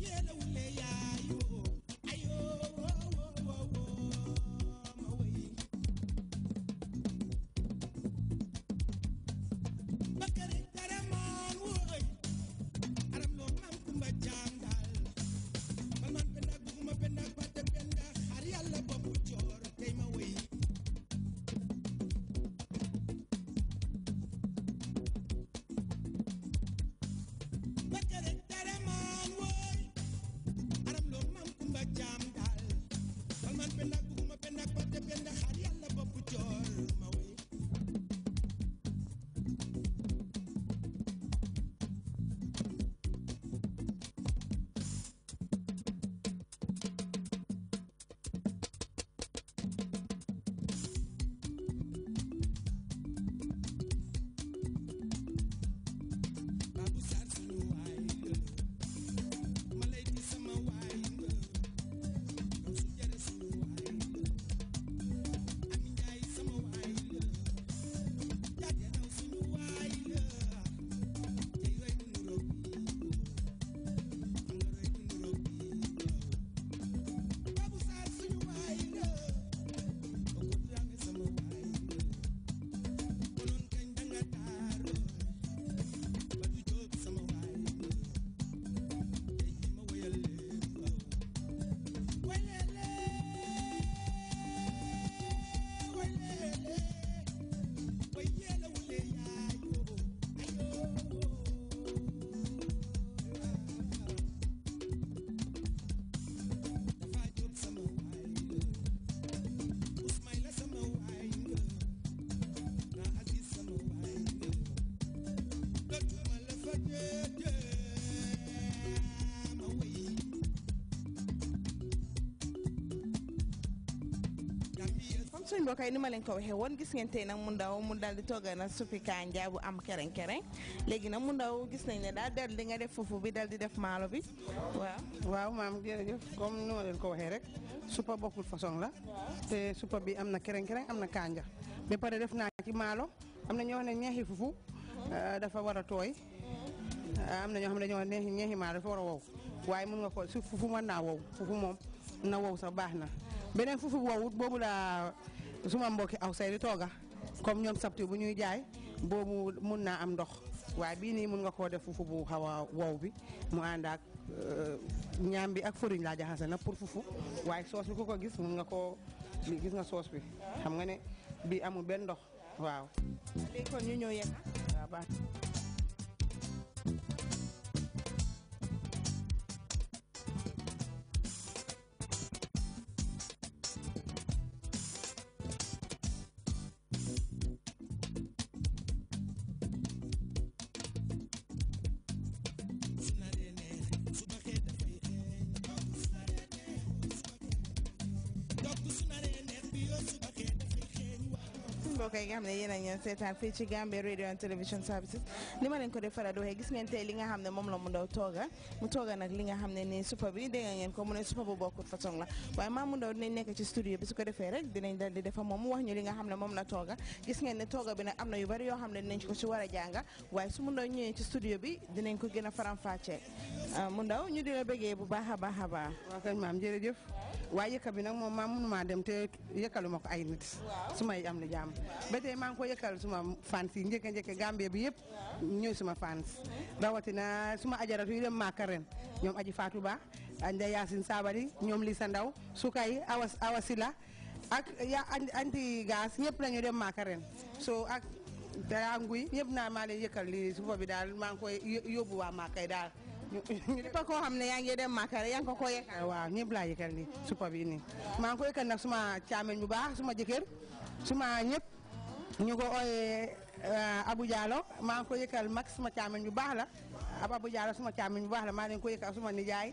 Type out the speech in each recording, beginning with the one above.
yeah, suñ mbokk yi ni ma leen ko waxee woon gis ngeen tey nag léegi nag mu ndaw gis nañ ne daal del di nga def foofu bi daal di def maalo bi waaw waaw maam jërëjëf comme ni ma leen ko waxee rek suppa bokkul façon la te suppa bi am na kereng kereng am na kanja ba pare def naa ci maalo am na ñoo xam ne ñeexi euh, dafa war a tooy euh, am na ñoo xam ne dañoo neexi ñeexi maalo dafa war a wow waaye mun nga ko su fufu mën naa wow fufu moom na wow sax baax na beneen fufu wowut boobu laa suma mbokki aw say di tooga comme ñoom sabti bu ñuy jaay boobu mun naa am ndox waaye bii nii mun nga koo def fufu bu xaw wow bi mu ànd ak euh, ñaam bi ak foriñ laa jaxase na pour fufu waaye soos bi ku ko gis mun nga koo gis nga soos bi xam nga ne bii amul benn ndox waaw léegi kon ñu ñëw mbokk yi nga xam ne yéen a ngeen seetaan fii ci Gambia radio and television services ni ma ko defara doxee gis ngeen tey li nga xam ne moom la mu ndaw tooga mu tooga nag li nga xam ne nii supa bi dégg ngeen ko mu ne supa bu bokkut façon la waaye maa mu ndaw nekk ci studio bi su ko defee rek dinañ dal di defa moom mu wax ñu li nga xam ne moom la tooga gis ngeen ne tooga bi nag am na yu bari yoo xam ne dinañ ko ci war a jànga waaye su mu ndaw ñëwee ci studio bi dinañ ko gën a faram-fàccee ah, mu ndaw ñu di la bëggee bu baax a baax a baax waaw kañ maam jërëjëf waaye yëkka bi nag moom maa mënumaa dem te yëkkaluma ko ay nit su may am li jaam bete man ko yëkkal suma fans yi njëkke njëkke Gambie bi suma fans na suma ajaratu yi dem makaren ñom aji Fatou Ba ande yassine sabari ñom Lisa Ndaw Sukay awas awasila ak ya anti gas, ñëpp lañu dem makaren so ak dara nguy ñëpp na maa leen yëkkal lii suba bi dal man ko koy wa makay dal ñu ñëpp koo xam ne ngi dem Makar ya ko ko yëkkal waaw ñëpp laa supa bi ni maa ko yëkkal suma chamel bu baax suma suma ñëpp ñu ko ooyee euh, Abou Diallo maa ngi ko yëkkal mag suma càmmiñ bu baax la ab Abou Diallo suma càmmiñ bu baax la maa leen ko yëkkal suma nijaay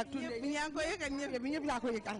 ak tudd ñi yaa ngi ko yëkkal ñëpp ñëpp yaa ko yëkkal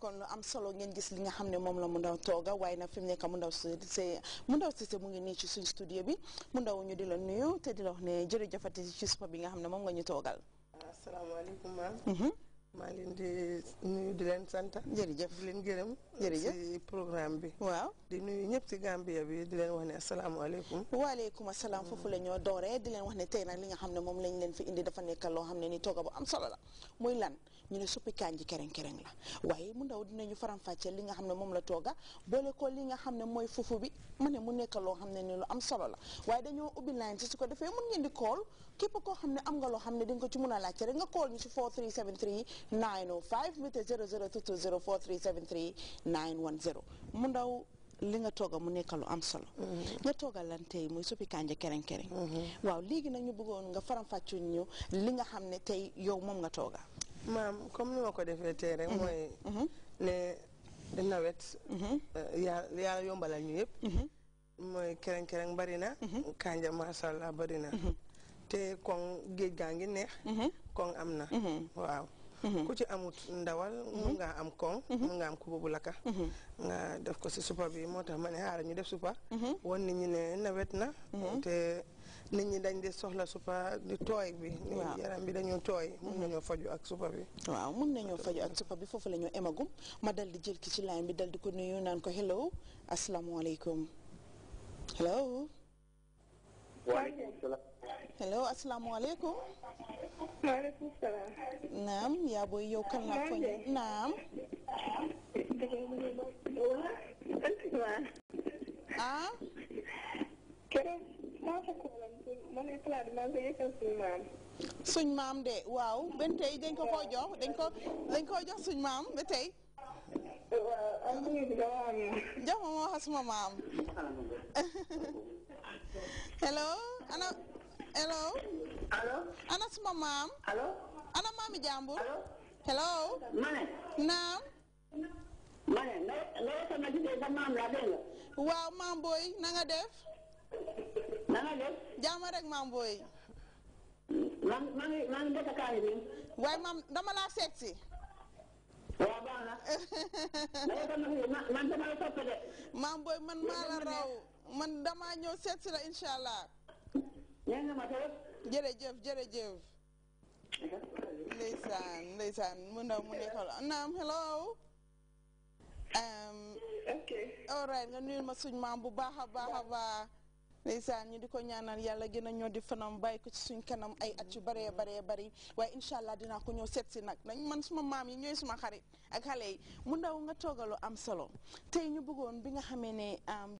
kon lu am solo ngeen gis li nga xam ne moom la mu ndaw tooga waaye nag fi mu nekk mu a Cissé mu ndaw Cissé mu ngi nii ci suñ studio bi mu ndaw ñu di la nuyu te di la wax ne jërëjëfati ci supa bi nga xam ne moom nga ñu toogal. asalaamaaleykum maam. Mhm. maa leen di nuyu di leen sant. jërëjëf di leen gërëm. jërëjëf programme bi. waaw di nuyu ñëpp si Gambia bi di leen wax ne asalaamaaleykum. waaleykum asalaam mm. foofu la ñoo dooree di leen wax ne tey nag li nga xam ne moom lañ leen fi indi dafa nekk loo xam ne ni tooga bu am solo la muy lan ñu ne suppi kànji kereng kereng la waaye mu ndaw dinañu faram-fàccee li nga xam ne moom la tooga boole ko li nga xam ne mooy fufu bi mu ne mu nekk loo xam ne ni lu am solo la waaye dañoo ubbi line su ko defee mun ngeen kool képp koo xam ne am nga loo xam ne di ko ci mun a laajte rek nga kool ñu si 4373 905 mité 0022 4373 910 mu ndaw li nga tooga mu nekk am solo mm-hmm. nga toogal lan tey muy suppi kànja kereng kereng mm-hmm. waaw léegi nag ñu bëggoon nga faram fàccuñ ñu li nga xam ne tey yow moom nga tooga maam comme ni ma ko defee tey rek mhm. mooy mhm. ne nawet mhm. euh, yàlla yàlla yombalal ñu yëpp mooy kereng kereng bari na kanja masha Allah bari na te koŋ géej gaa ngi neex koŋ am na waaw ku ci amut ndawal mun nga am koŋ mun nga am kubu bu laka nga def ko si supa bi moo tax ma ne xaaral ñu def supa won nit ñi ne nawet na te nit ñi dañ di soxla supa di tooy bi. waaw yaram bi dañoo tooy. mun mm-hmm. nañoo faju ak supa bi. waaw bi foofu la ñu emagum ma dal di jël ki ci line bi dal di ko nuyu naan ko hello asalaamaaleykum hello. hello asalaamaaleykum. maaleykum naam yaa booy yow kan laa ko naam. ah. keroog ma ne suñ maam de waaw benn tey dañ ko koo jox dañ koo jox suñ maam ba tey. jox ma moo xasuma maam. hello ana hello. ana suma maam. ana maami jàmbur. allo. hello. naam. waaw maam booy na def. na nga def. jaama rek maam booy. maam dama laa seet maam booy man maa la raw man damaa ñëw seet si la incha allah. nee nga ma trop. jërëjëf jërëjëf. ndeysaan ndeysaan mu ndaw mu naam hello. nga nuyul ma suñ maam bu baax a baax a baax. ndeysaan ñu di ko ñaanal yàlla gën a ñoo di fanam bàyyi ko ci suñ kanam ay at yu baree baree bari waaye incha allah ko ñëw seet si nag nañ man suma maam yi ñooy suma xarit ak xale yi mu ndaw nga toogaloo am solo tey ñu bëggoon bi nga xamee ne